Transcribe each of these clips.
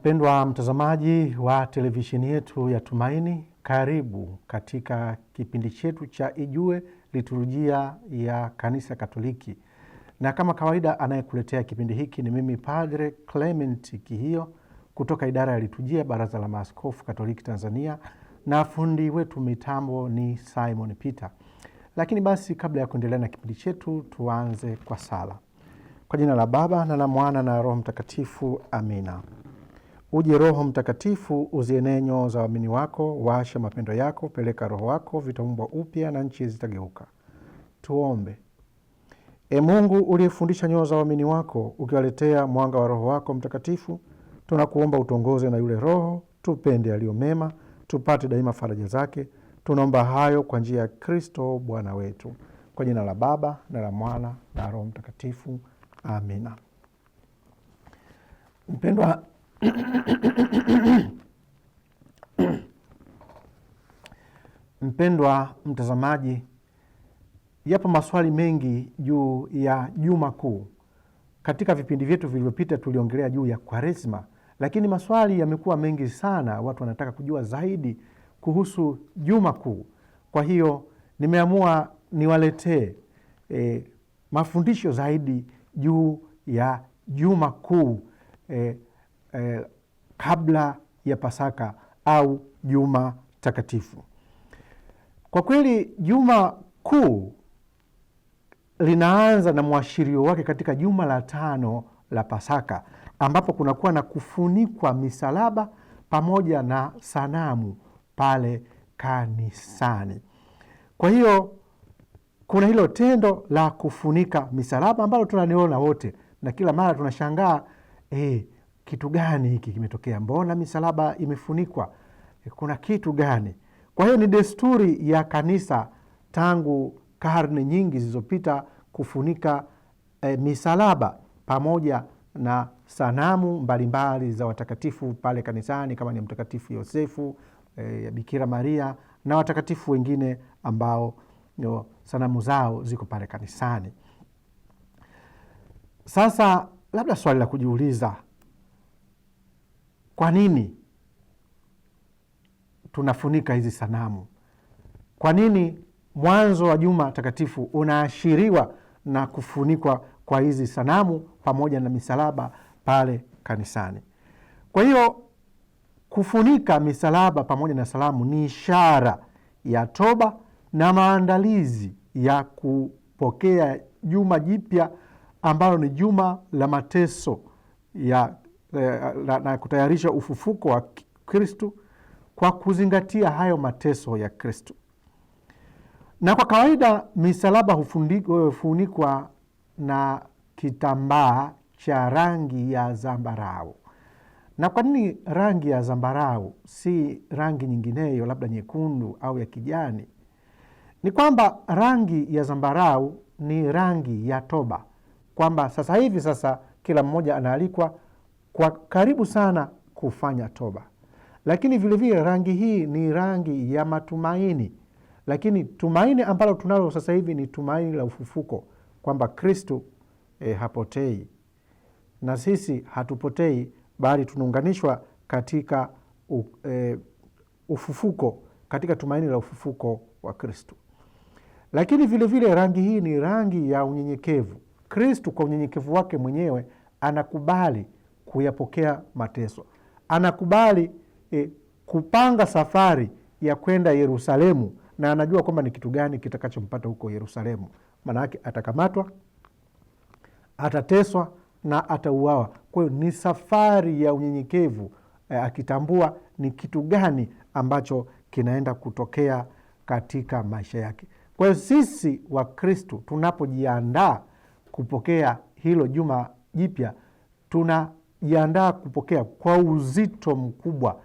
Mpendwa mtazamaji wa televisheni yetu ya Tumaini, karibu katika kipindi chetu cha Ijue Liturujia ya Kanisa Katoliki, na kama kawaida, anayekuletea kipindi hiki ni mimi Padre Clement Kihio kutoka idara ya liturujia, Baraza la Maaskofu Katoliki Tanzania, na fundi wetu mitambo ni Simon Peter. Lakini basi, kabla ya kuendelea na kipindi chetu, tuanze kwa sala. Kwa jina la Baba na la Mwana na Roho Mtakatifu, amina. Uje Roho Mtakatifu, uzienee nyoo za waamini wako, washa mapendo yako, peleka Roho wako, vitaumbwa upya na nchi zitageuka. Tuombe. E Mungu uliyefundisha nyoo za waamini wako, ukiwaletea mwanga wa Roho wako Mtakatifu, tunakuomba utuongoze na yule Roho, tupende yaliyo mema, tupate daima faraja zake. Tunaomba hayo kwa njia ya Kristo Bwana wetu. Kwa jina la Baba na la Mwana na Roho Mtakatifu, amina. Mpendwa Mpendwa mtazamaji, yapo maswali mengi juu ya Juma Kuu. Katika vipindi vyetu vilivyopita tuliongelea juu ya Kwaresma, lakini maswali yamekuwa mengi sana. Watu wanataka kujua zaidi kuhusu Juma Kuu. Kwa hiyo nimeamua niwaletee e, mafundisho zaidi juu ya Juma Kuu e, eh, kabla ya Pasaka au Juma Takatifu. Kwa kweli Juma Kuu linaanza na mwashirio wake katika juma la tano la Pasaka, ambapo kunakuwa na kufunikwa misalaba pamoja na sanamu pale kanisani. Kwa hiyo kuna hilo tendo la kufunika misalaba ambalo tunaliona wote na kila mara tunashangaa eh, kitu gani hiki kimetokea? Mbona misalaba imefunikwa? Kuna kitu gani? Kwa hiyo ni desturi ya kanisa tangu karne nyingi zilizopita kufunika e, misalaba pamoja na sanamu mbalimbali za watakatifu pale kanisani, kama ni Mtakatifu Yosefu e, eh, ya Bikira Maria na watakatifu wengine ambao yo, sanamu zao ziko pale kanisani. Sasa labda swali la kujiuliza kwa nini tunafunika hizi sanamu? Kwa nini mwanzo wa juma takatifu unaashiriwa na kufunikwa kwa hizi sanamu pamoja na misalaba pale kanisani? Kwa hiyo kufunika misalaba pamoja na salamu ni ishara ya toba na maandalizi ya kupokea juma jipya ambalo ni juma la mateso ya Eh, na, na kutayarisha ufufuko wa Kristu kwa kuzingatia hayo mateso ya Kristu. Na kwa kawaida misalaba eh, hufunikwa na kitambaa cha rangi ya zambarau. Na kwa nini rangi ya zambarau, si rangi nyingineyo, labda nyekundu au ya kijani? Ni kwamba rangi ya zambarau ni rangi ya toba, kwamba sasa hivi, sasa kila mmoja anaalikwa kwa karibu sana kufanya toba. Lakini vilevile rangi hii ni rangi ya matumaini, lakini tumaini ambalo tunalo sasa hivi ni tumaini la ufufuko, kwamba Kristu e, hapotei na sisi hatupotei, bali tunaunganishwa katika u, e, ufufuko, katika tumaini la ufufuko wa Kristu. Lakini vilevile vile rangi hii ni rangi ya unyenyekevu. Kristu kwa unyenyekevu wake mwenyewe anakubali kuyapokea mateso. Anakubali eh, kupanga safari ya kwenda Yerusalemu na anajua kwamba ni kitu gani kitakachompata huko Yerusalemu. Maana yake atakamatwa, atateswa na atauawa. Kwa hiyo ni safari ya unyenyekevu eh, akitambua ni kitu gani ambacho kinaenda kutokea katika maisha yake. Kwa hiyo sisi wakristu tunapojiandaa kupokea hilo juma jipya, tuna jiandaa kupokea kwa uzito mkubwa.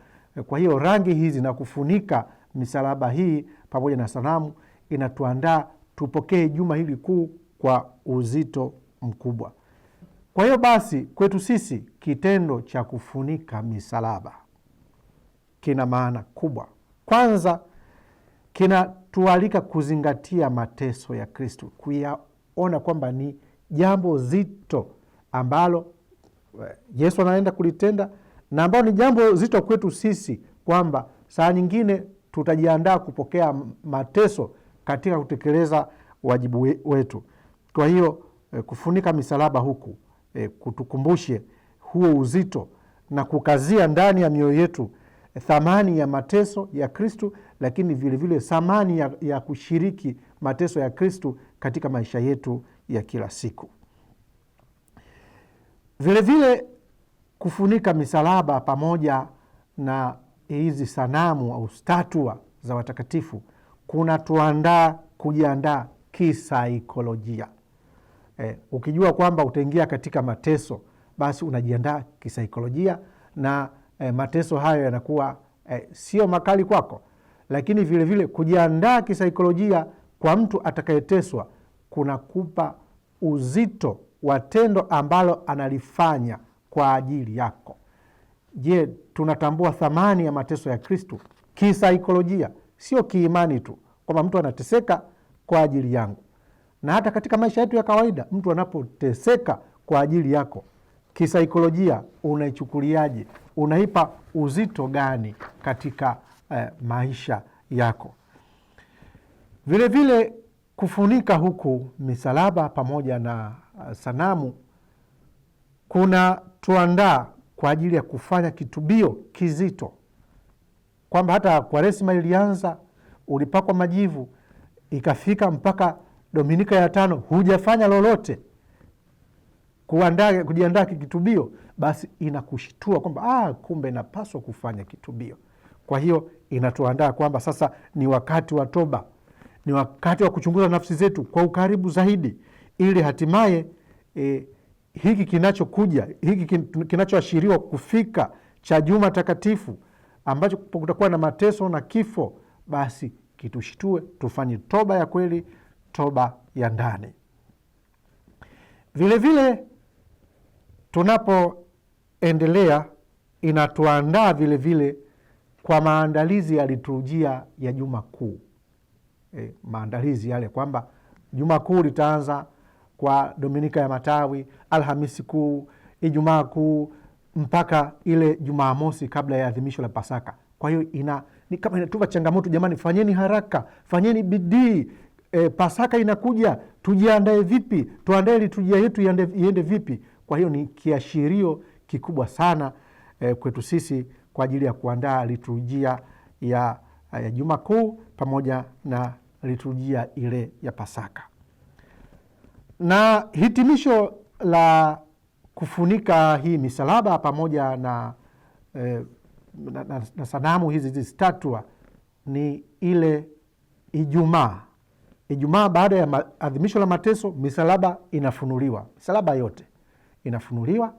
Kwa hiyo rangi hizi na kufunika misalaba hii pamoja na sanamu inatuandaa tupokee juma hili kuu kwa uzito mkubwa. Kwa hiyo basi, kwetu sisi kitendo cha kufunika misalaba kina maana kubwa. Kwanza, kinatualika kuzingatia mateso ya Kristu, kuyaona kwamba ni jambo zito ambalo Yesu anaenda kulitenda na ambao ni jambo zito kwetu sisi, kwamba saa nyingine tutajiandaa kupokea mateso katika kutekeleza wajibu wetu. Kwa hiyo eh, kufunika misalaba huku eh, kutukumbushe huo uzito na kukazia ndani ya mioyo yetu eh, thamani ya mateso ya Kristu, lakini vilevile thamani ya, ya kushiriki mateso ya Kristu katika maisha yetu ya kila siku. Vilevile kufunika misalaba pamoja na hizi sanamu au statua za watakatifu kunatuandaa kujiandaa kisaikolojia. Eh, ukijua kwamba utaingia katika mateso, basi unajiandaa kisaikolojia na eh, mateso hayo yanakuwa eh, sio makali kwako, lakini vilevile kujiandaa kisaikolojia kwa mtu atakayeteswa kunakupa uzito wa tendo ambalo analifanya kwa ajili yako. Je, tunatambua thamani ya mateso ya Kristu kisaikolojia, sio kiimani tu, kwamba mtu anateseka kwa ajili yangu. Na hata katika maisha yetu ya kawaida, mtu anapoteseka kwa ajili yako kisaikolojia, unaichukuliaje? Unaipa uzito gani katika eh, maisha yako? Vilevile vile kufunika huku misalaba pamoja na Uh, sanamu kuna tuandaa kwa ajili ya kufanya kitubio kizito, kwamba hata Kwaresima ilianza ulipakwa majivu, ikafika mpaka Dominika ya tano hujafanya lolote kuandaa, kujiandaa kikitubio, basi inakushitua kwamba ah, kumbe napaswa kufanya kitubio. Kwa hiyo inatuandaa kwamba sasa ni wakati wa toba, ni wakati wa kuchunguza nafsi zetu kwa ukaribu zaidi ili hatimaye e, hiki kinachokuja hiki kinachoashiriwa kufika cha Juma Takatifu ambacho kutakuwa na mateso na kifo, basi kitushitue, tufanye toba ya kweli, toba ya ndani. Vilevile tunapoendelea, inatuandaa vilevile kwa maandalizi ya liturujia ya Juma Kuu. E, maandalizi yale kwamba Juma Kuu litaanza kwa Dominika ya Matawi, Alhamisi Kuu, Ijumaa Kuu mpaka ile Jumamosi kabla ya adhimisho la Pasaka. Kwa hiyo ina ni kama inatupa changamoto, jamani, fanyeni haraka, fanyeni bidii. E, Pasaka inakuja, tujiandae vipi? Tuandae liturujia yetu iende vipi? Kwa hiyo ni kiashirio kikubwa sana e, kwetu sisi kwa ajili ya kuandaa liturujia ya, ya Juma Kuu pamoja na liturujia ile ya Pasaka na hitimisho la kufunika hii misalaba pamoja na, eh, na, na, na sanamu hizi zistatua ni ile Ijumaa. Ijumaa baada ya adhimisho la mateso, misalaba inafunuliwa, misalaba yote inafunuliwa,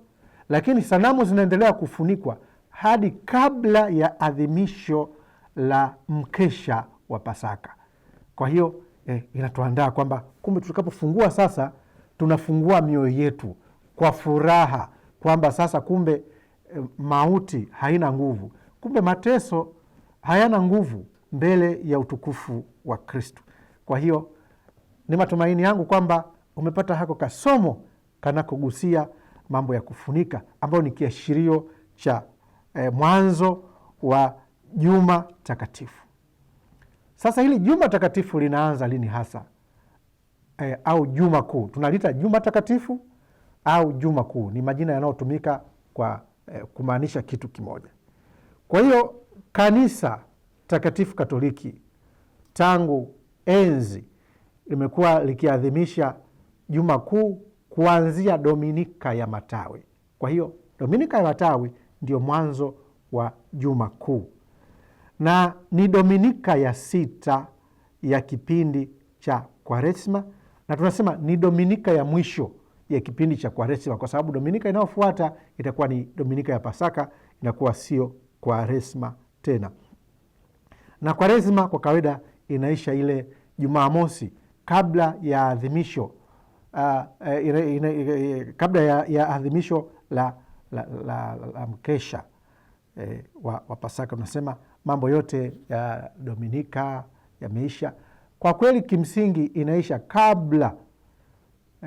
lakini sanamu zinaendelea kufunikwa hadi kabla ya adhimisho la mkesha wa Pasaka. Kwa hiyo eh, inatuandaa kwamba kumbe tutakapofungua sasa tunafungua mioyo yetu kwa furaha kwamba sasa kumbe eh, mauti haina nguvu, kumbe mateso hayana nguvu mbele ya utukufu wa Kristu. Kwa hiyo ni matumaini yangu kwamba umepata hako kasomo kanakogusia mambo ya kufunika ambayo ni kiashirio cha eh, mwanzo wa Juma Takatifu. Sasa hili juma takatifu linaanza lini hasa? E, au juma kuu tunalita juma takatifu au juma kuu, ni majina yanayotumika kwa e, kumaanisha kitu kimoja. Kwa hiyo kanisa takatifu Katoliki tangu enzi limekuwa likiadhimisha juma kuu kuanzia Dominika ya Matawi. Kwa hiyo Dominika ya Matawi ndio mwanzo wa juma kuu na ni dominika ya sita ya kipindi cha Kwaresma, na tunasema ni dominika ya mwisho ya kipindi cha Kwaresma kwa sababu dominika inayofuata itakuwa ni dominika ya Pasaka, inakuwa sio Kwaresma tena. Na Kwaresma kwa kawaida inaisha ile Jumamosi kabla ya adhimisho uh, eh, eh, eh, kabla ya, ya adhimisho la, la, la, la, la mkesha eh, wa, wa Pasaka. Tunasema mambo yote ya Dominika yameisha. Kwa kweli, kimsingi inaisha kabla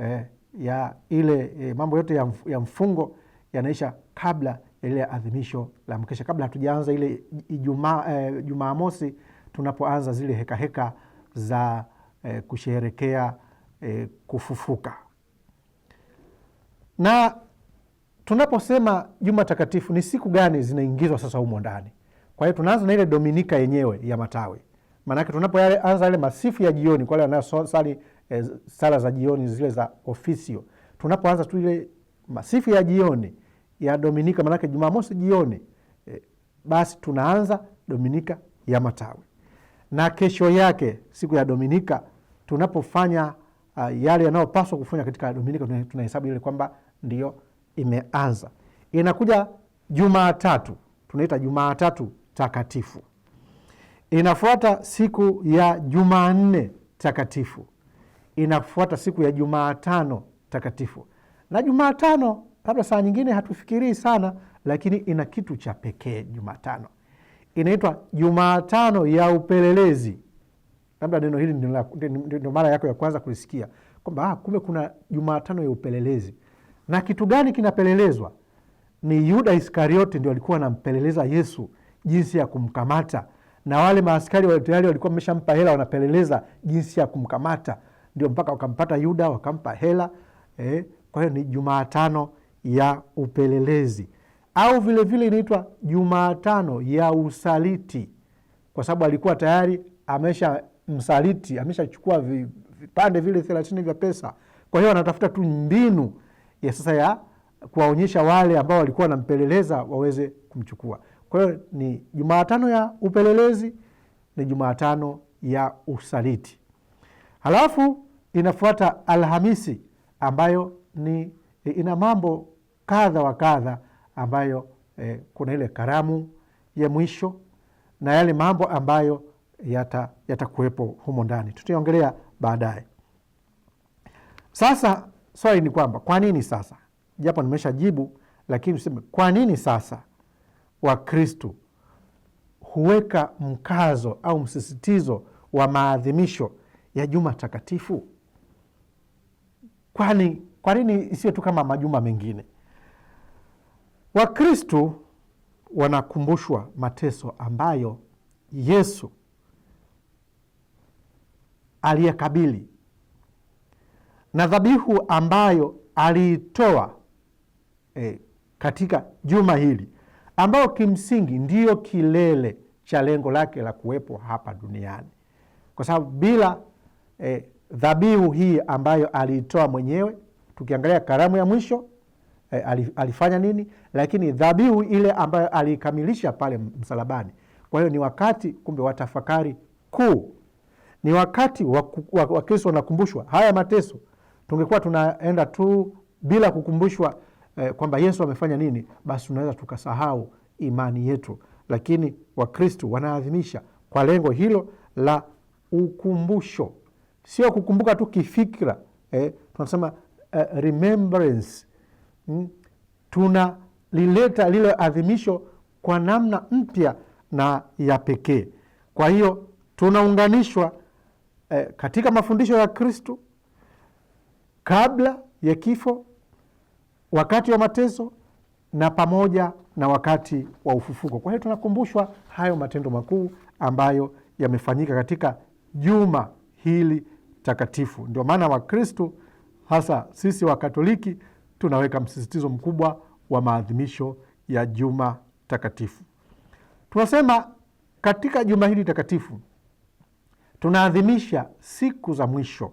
eh, ya ile eh, mambo yote ya, mf, ya mfungo yanaisha kabla ya ile adhimisho la mkesha, kabla hatujaanza ile jumaa eh, mosi tunapoanza zile hekaheka heka za eh, kusheherekea eh, kufufuka na tunaposema Juma Takatifu ni siku gani zinaingizwa sasa humo ndani? Kwa hiyo tunaanza na ile Dominika yenyewe ya matawi, maanake tunapoanza yale masifu ya jioni kwa wale wanaosali e, eh, sala za jioni zile za ofisio, tunapoanza tu ile masifu ya jioni ya Dominika, maanake Jumamosi jioni e, basi tunaanza Dominika ya matawi, na kesho yake siku ya Dominika tunapofanya uh, yale yanayopaswa kufanya katika Dominika, tunahesabu ile kwamba ndio imeanza, inakuja Jumatatu, tunaita Jumatatu Takatifu, inafuata siku ya Jumanne Takatifu, inafuata siku ya Jumatano Takatifu na Jumatano labda saa nyingine hatufikirii sana, lakini ina kitu cha pekee. Jumatano inaitwa Jumatano ya upelelezi. Labda neno hili ndio mara yako ya kwanza kulisikia kwamba ah, kumbe kuna Jumatano ya upelelezi na kitu gani kinapelelezwa? Ni Yuda Iskarioti ndio alikuwa anampeleleza Yesu jinsi ya kumkamata, na wale maaskari tayari walikuwa wameshampa hela, wanapeleleza jinsi ya kumkamata, ndio mpaka wakampata Yuda, wakampa hela eh. Kwa hiyo ni jumaatano ya upelelezi au vilevile inaitwa jumaatano ya usaliti, kwa sababu alikuwa tayari amesha msaliti, ameshachukua vipande vile thelathini vya pesa. Kwa hiyo anatafuta tu mbinu ya sasa ya kuwaonyesha wale ambao walikuwa wanampeleleza waweze kumchukua. Kwa hiyo ni Jumatano ya upelelezi, ni Jumatano ya usaliti. Halafu inafuata Alhamisi ambayo ni e, ina mambo kadha wa kadha ambayo eh, kuna ile karamu ya mwisho na yale mambo ambayo yatakuwepo yata humo ndani tutaongelea baadaye. Sasa swali ni kwamba kwa nini sasa, japo nimesha jibu lakini useme kwa nini sasa wakristu huweka mkazo au msisitizo wa maadhimisho ya Juma Takatifu? Kwani kwa nini isiyo tu kama majuma mengine? wakristu wanakumbushwa mateso ambayo Yesu aliyekabili na dhabihu ambayo aliitoa e, katika juma hili ambayo kimsingi ndiyo kilele cha lengo lake la kuwepo hapa duniani, kwa sababu bila e, dhabihu hii ambayo aliitoa mwenyewe, tukiangalia karamu ya mwisho e, alifanya nini? Lakini dhabihu ile ambayo aliikamilisha pale msalabani. Kwa hiyo ni wakati kumbe wa tafakari kuu, ni wakati Wakristo wanakumbushwa haya mateso tungekuwa tunaenda tu bila kukumbushwa eh, kwamba Yesu amefanya nini, basi tunaweza tukasahau imani yetu. Lakini wakristu wanaadhimisha kwa lengo hilo la ukumbusho, sio kukumbuka tu kifikira eh, tunasema uh, remembrance mm, tunalileta lile adhimisho kwa namna mpya na ya pekee. Kwa hiyo tunaunganishwa eh, katika mafundisho ya kristu kabla ya kifo, wakati wa mateso na pamoja na wakati wa ufufuko. Kwa hiyo tunakumbushwa hayo matendo makuu ambayo yamefanyika katika juma hili takatifu. Ndio maana wakristu hasa sisi Wakatoliki tunaweka msisitizo mkubwa wa maadhimisho ya juma takatifu. Tunasema katika juma hili takatifu tunaadhimisha siku za mwisho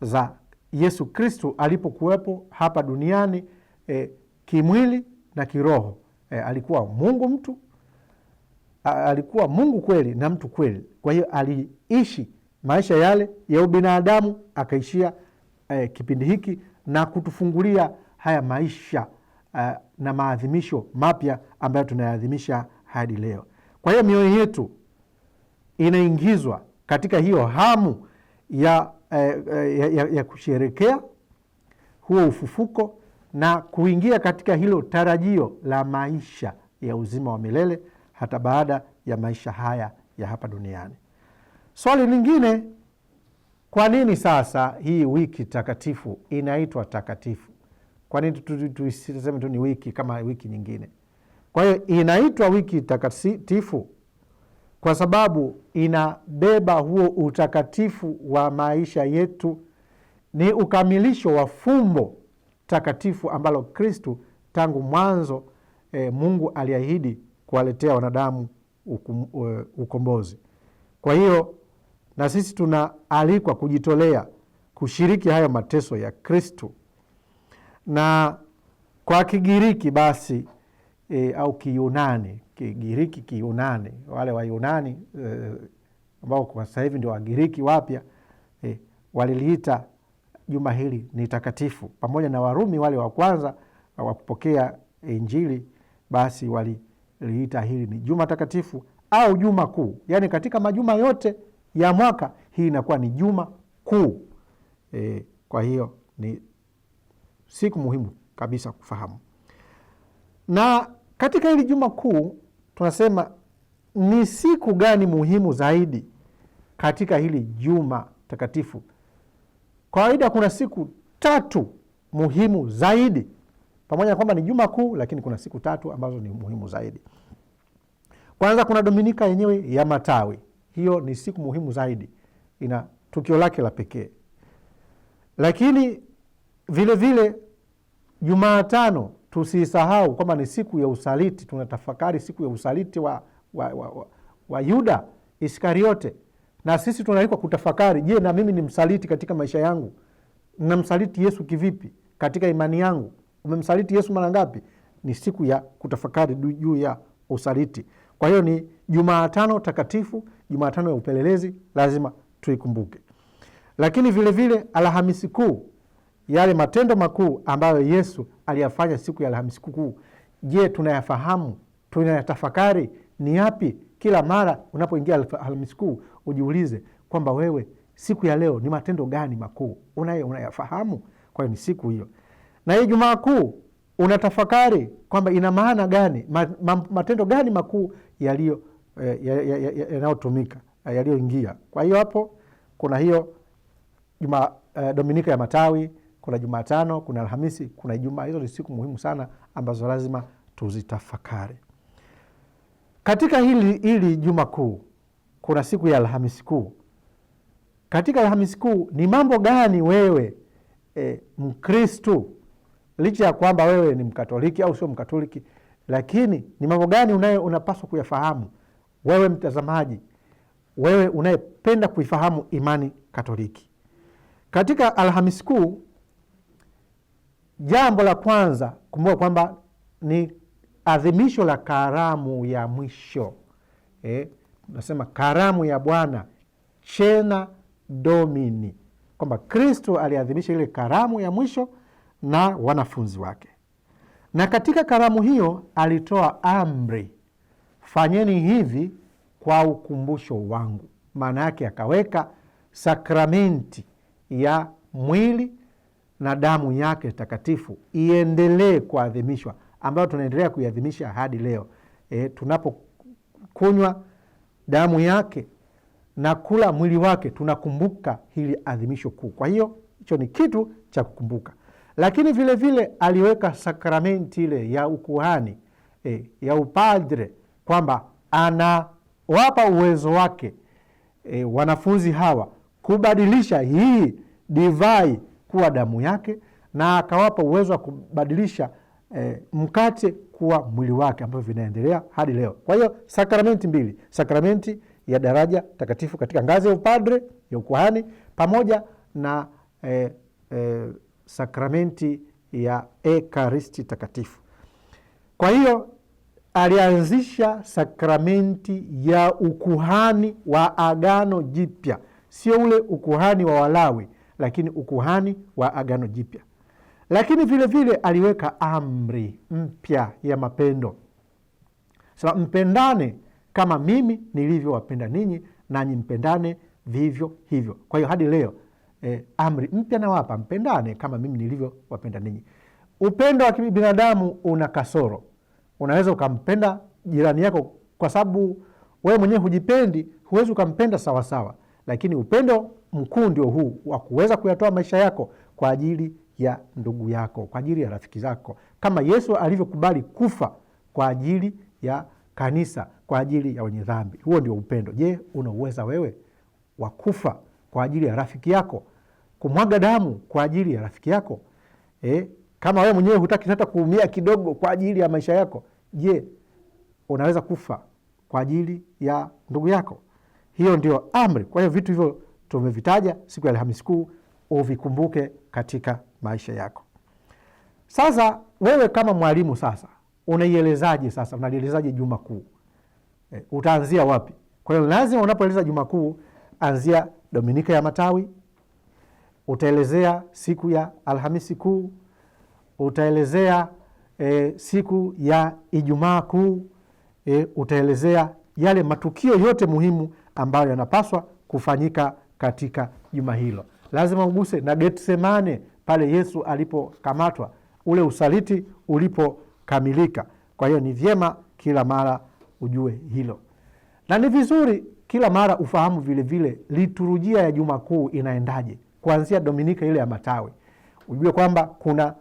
za Yesu Kristo alipokuwepo hapa duniani e, kimwili na kiroho e, alikuwa Mungu mtu a, alikuwa Mungu kweli na mtu kweli. Kwa hiyo aliishi maisha yale ya ubinadamu akaishia e, kipindi hiki na kutufungulia haya maisha a, na maadhimisho mapya ambayo tunayaadhimisha hadi leo. Kwa hiyo mioyo yetu inaingizwa katika hiyo hamu ya Eh, eh, ya, ya kusherekea huo ufufuko na kuingia katika hilo tarajio la maisha ya uzima wa milele hata baada ya maisha haya ya hapa duniani. Swali lingine, kwa nini sasa hii wiki takatifu inaitwa takatifu? Kwa nini tuseme tu ni wiki kama wiki nyingine? Kwa hiyo inaitwa wiki takatifu kwa sababu inabeba huo utakatifu wa maisha yetu. Ni ukamilisho wa fumbo takatifu ambalo Kristu tangu mwanzo e, Mungu aliahidi kuwaletea wanadamu eh, ukombozi. Kwa hiyo na sisi tunaalikwa kujitolea kushiriki hayo mateso ya Kristu, na kwa Kigiriki basi e, au Kiyunani, Kigiriki Kiyunani, wale Wayunani e, ambao kwa sasa hivi ndio Wagiriki wapya e, waliliita juma hili ni takatifu, pamoja na Warumi wale wa kwanza wa kupokea Injili, basi waliliita hili ni juma takatifu au juma kuu. yani katika majuma yote ya mwaka hii inakuwa ni juma kuu e, kwa hiyo ni siku muhimu kabisa kufahamu na katika hili juma kuu tunasema ni siku gani muhimu zaidi katika hili juma takatifu? Kwa kawaida kuna siku tatu muhimu zaidi, pamoja na kwamba ni juma kuu, lakini kuna siku tatu ambazo ni muhimu zaidi. Kwanza kuna Dominika yenyewe ya Matawi, hiyo ni siku muhimu zaidi, ina tukio lake la pekee. Lakini vilevile tano Tusisahau kwamba ni siku ya usaliti, tunatafakari siku ya usaliti wa, wa, wa, wa, wa Yuda Iskariote, na sisi tunaalikwa kutafakari, je, na mimi ni msaliti katika maisha yangu? Namsaliti Yesu kivipi katika imani yangu? Umemsaliti Yesu mara ngapi? Ni siku ya kutafakari juu ya usaliti. Kwa hiyo ni jumaatano takatifu, jumaatano ya upelelezi, lazima tuikumbuke. Lakini vilevile Alhamisi Kuu yale matendo makuu ambayo Yesu aliyafanya siku ya Alhamisi Kuu. Je, tunayafahamu? Tunayatafakari? Ni yapi? Kila mara unapoingia Alhamisi Kuu ujiulize kwamba wewe siku ya leo ni matendo gani makuu unaye unayafahamu? Kwa hiyo ni siku hiyo, na hii Jumaa Kuu unatafakari kwamba ina maana gani, matendo gani makuu yaliyo eh, yanayotumika eh, yaliyoingia. Kwa hiyo hapo kuna hiyo Jumaa eh, Dominika ya Matawi kuna Jumatano, kuna Alhamisi, kuna Ijumaa. Hizo ni siku muhimu sana ambazo lazima tuzitafakari. Katika hili, hili Juma Kuu kuna siku ya Alhamisi Kuu. Katika Alhamisi Kuu ni mambo gani wewe e, Mkristu, licha ya kwamba wewe ni Mkatoliki au sio Mkatoliki, lakini ni mambo gani unayo unapaswa kuyafahamu wewe mtazamaji, wewe unayependa kuifahamu imani Katoliki. Katika Alhamisi Kuu Jambo la kwanza kumbuka kwamba ni adhimisho la karamu ya mwisho eh, nasema karamu ya Bwana chena domini, kwamba Kristo aliadhimisha ile karamu ya mwisho na wanafunzi wake, na katika karamu hiyo alitoa amri, fanyeni hivi kwa ukumbusho wangu. Maana yake akaweka sakramenti ya mwili na damu yake takatifu iendelee kuadhimishwa, ambayo tunaendelea kuiadhimisha hadi leo. E, tunapokunywa damu yake na kula mwili wake tunakumbuka hili adhimisho kuu. Kwa hiyo hicho ni kitu cha kukumbuka, lakini vilevile vile aliweka sakramenti ile ya ukuhani e, ya upadre kwamba anawapa uwezo wake e, wanafunzi hawa kubadilisha hii divai kuwa damu yake na akawapa uwezo wa kubadilisha e, mkate kuwa mwili wake ambavyo vinaendelea hadi leo. Kwa hiyo sakramenti mbili, sakramenti ya daraja takatifu katika ngazi ya upadre ya ukuhani pamoja na e, e, sakramenti ya ekaristi takatifu. Kwa hiyo alianzisha sakramenti ya ukuhani wa Agano Jipya, sio ule ukuhani wa Walawi lakini ukuhani wa Agano Jipya. Lakini vilevile vile aliweka amri mpya ya mapendo sasa, mpendane kama mimi nilivyowapenda ninyi, nanyi mpendane vivyo hivyo. Kwa hiyo hadi leo eh, amri mpya nawapa, mpendane kama mimi nilivyowapenda ninyi. Upendo wa kibinadamu una kasoro. Unaweza ukampenda jirani yako kwa sababu wewe mwenyewe hujipendi, huwezi ukampenda sawasawa, lakini upendo mkuu ndio huu wa kuweza kuyatoa maisha yako kwa ajili ya ndugu yako, kwa ajili ya rafiki zako, kama Yesu alivyokubali kufa kwa ajili ya kanisa, kwa ajili ya wenye dhambi. Huo ndio upendo. Je, una uweza wewe wa kufa kwa ajili ya rafiki yako, kumwaga damu kwa ajili ya rafiki yako? E, kama wewe mwenyewe hutaki hata kuumia kidogo kwa ajili ya maisha yako, je, unaweza kufa kwa ajili ya ndugu yako? Hiyo ndio amri. Kwa hiyo vitu hivyo tumevitaja siku ya Alhamisi Kuu, uvikumbuke katika maisha yako. Sasa wewe kama mwalimu sasa unaielezaje? Sasa unalielezaje Juma Kuu? E, utaanzia wapi? Kwa hiyo lazima unapoeleza Juma Kuu, anzia Dominika ya Matawi, utaelezea siku ya Alhamisi Kuu, utaelezea e, siku ya Ijumaa Kuu, e, utaelezea yale matukio yote muhimu ambayo yanapaswa kufanyika katika juma hilo. Lazima uguse na Getsemane, pale Yesu alipokamatwa, ule usaliti ulipokamilika. Kwa hiyo ni vyema kila mara ujue hilo, na ni vizuri kila mara ufahamu vilevile liturujia ya Juma Kuu inaendaje, kuanzia Dominika ile ya matawi. Ujue kwamba kuna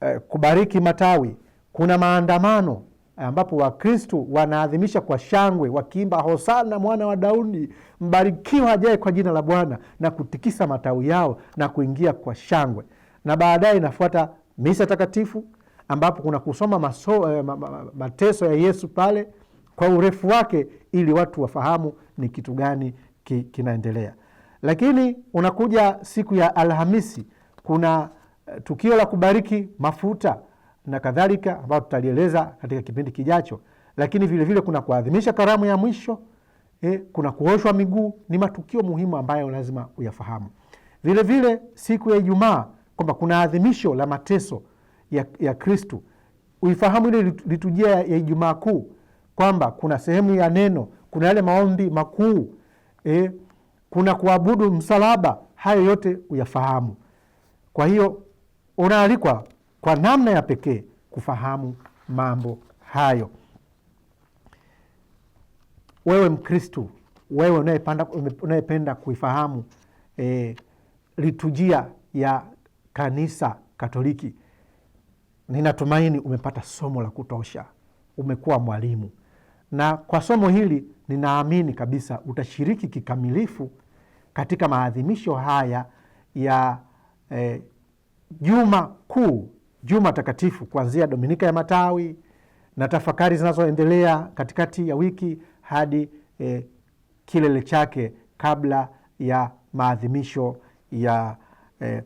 eh, kubariki matawi, kuna maandamano Eh, ambapo wakristu wanaadhimisha kwa shangwe wakiimba hosana mwana wa Daudi, mbarikiwa ajaye kwa jina la Bwana, na kutikisa matawi yao na kuingia kwa shangwe. Na baadaye inafuata misa takatifu ambapo kuna kusoma maso, eh, mateso ya Yesu pale kwa urefu wake, ili watu wafahamu ni kitu gani ki, kinaendelea. Lakini unakuja siku ya Alhamisi, kuna eh, tukio la kubariki mafuta na kadhalika, ambayo tutalieleza katika kipindi kijacho. Lakini vilevile vile kuna kuadhimisha karamu ya mwisho eh, kuna kuoshwa miguu, ni matukio muhimu ambayo lazima uyafahamu. Vilevile vile, siku ya Ijumaa kwamba kuna adhimisho la mateso ya, ya Kristu. Uifahamu ile liturujia ya Ijumaa Kuu kwamba kuna sehemu ya neno, kuna yale maombi makuu eh, kuna kuabudu msalaba. Hayo yote uyafahamu. Kwa hiyo unaalikwa kwa namna ya pekee kufahamu mambo hayo. Wewe Mkristu, wewe unayependa kuifahamu e, eh, liturujia ya kanisa Katoliki, ninatumaini umepata somo la kutosha, umekuwa mwalimu, na kwa somo hili ninaamini kabisa utashiriki kikamilifu katika maadhimisho haya ya e, Juma Kuu Juma Takatifu kuanzia Dominika ya Matawi na tafakari zinazoendelea katikati ya wiki hadi e, kilele chake kabla ya maadhimisho ya e,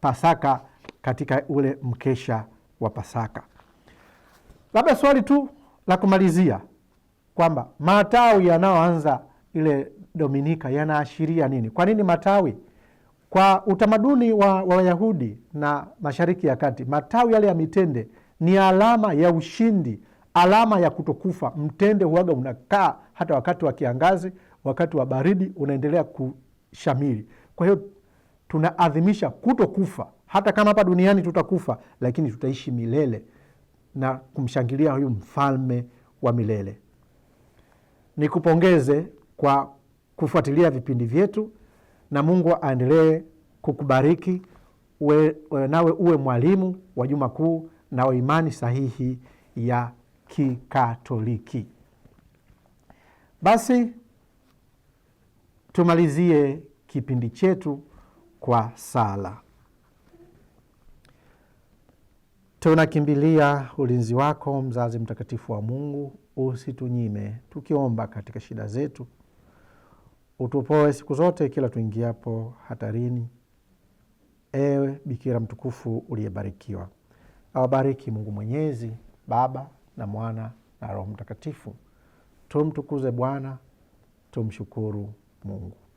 Pasaka katika ule mkesha wa Pasaka. Labda swali tu la kumalizia kwamba matawi yanayoanza ile Dominika yanaashiria nini? Kwa nini matawi? Kwa utamaduni wa Wayahudi na Mashariki ya Kati, matawi yale ya mitende ni alama ya ushindi, alama ya kutokufa. Mtende huaga unakaa hata wakati wa kiangazi, wakati wa baridi unaendelea kushamiri. Kwa hiyo tunaadhimisha kutokufa. Hata kama hapa duniani tutakufa, lakini tutaishi milele na kumshangilia huyu mfalme wa milele. Nikupongeze kwa kufuatilia vipindi vyetu na Mungu aendelee kukubariki uwe, nawe uwe mwalimu wa Juma Kuu na imani sahihi ya Kikatoliki. Basi tumalizie kipindi chetu kwa sala. Tunakimbilia ulinzi wako, mzazi mtakatifu wa Mungu, usitunyime tukiomba katika shida zetu utupoe siku zote kila tuingiapo hatarini. Ewe Bikira mtukufu uliyebarikiwa. Awabariki Mungu Mwenyezi, Baba na Mwana na Roho Mtakatifu. Tumtukuze Bwana, tumshukuru Mungu.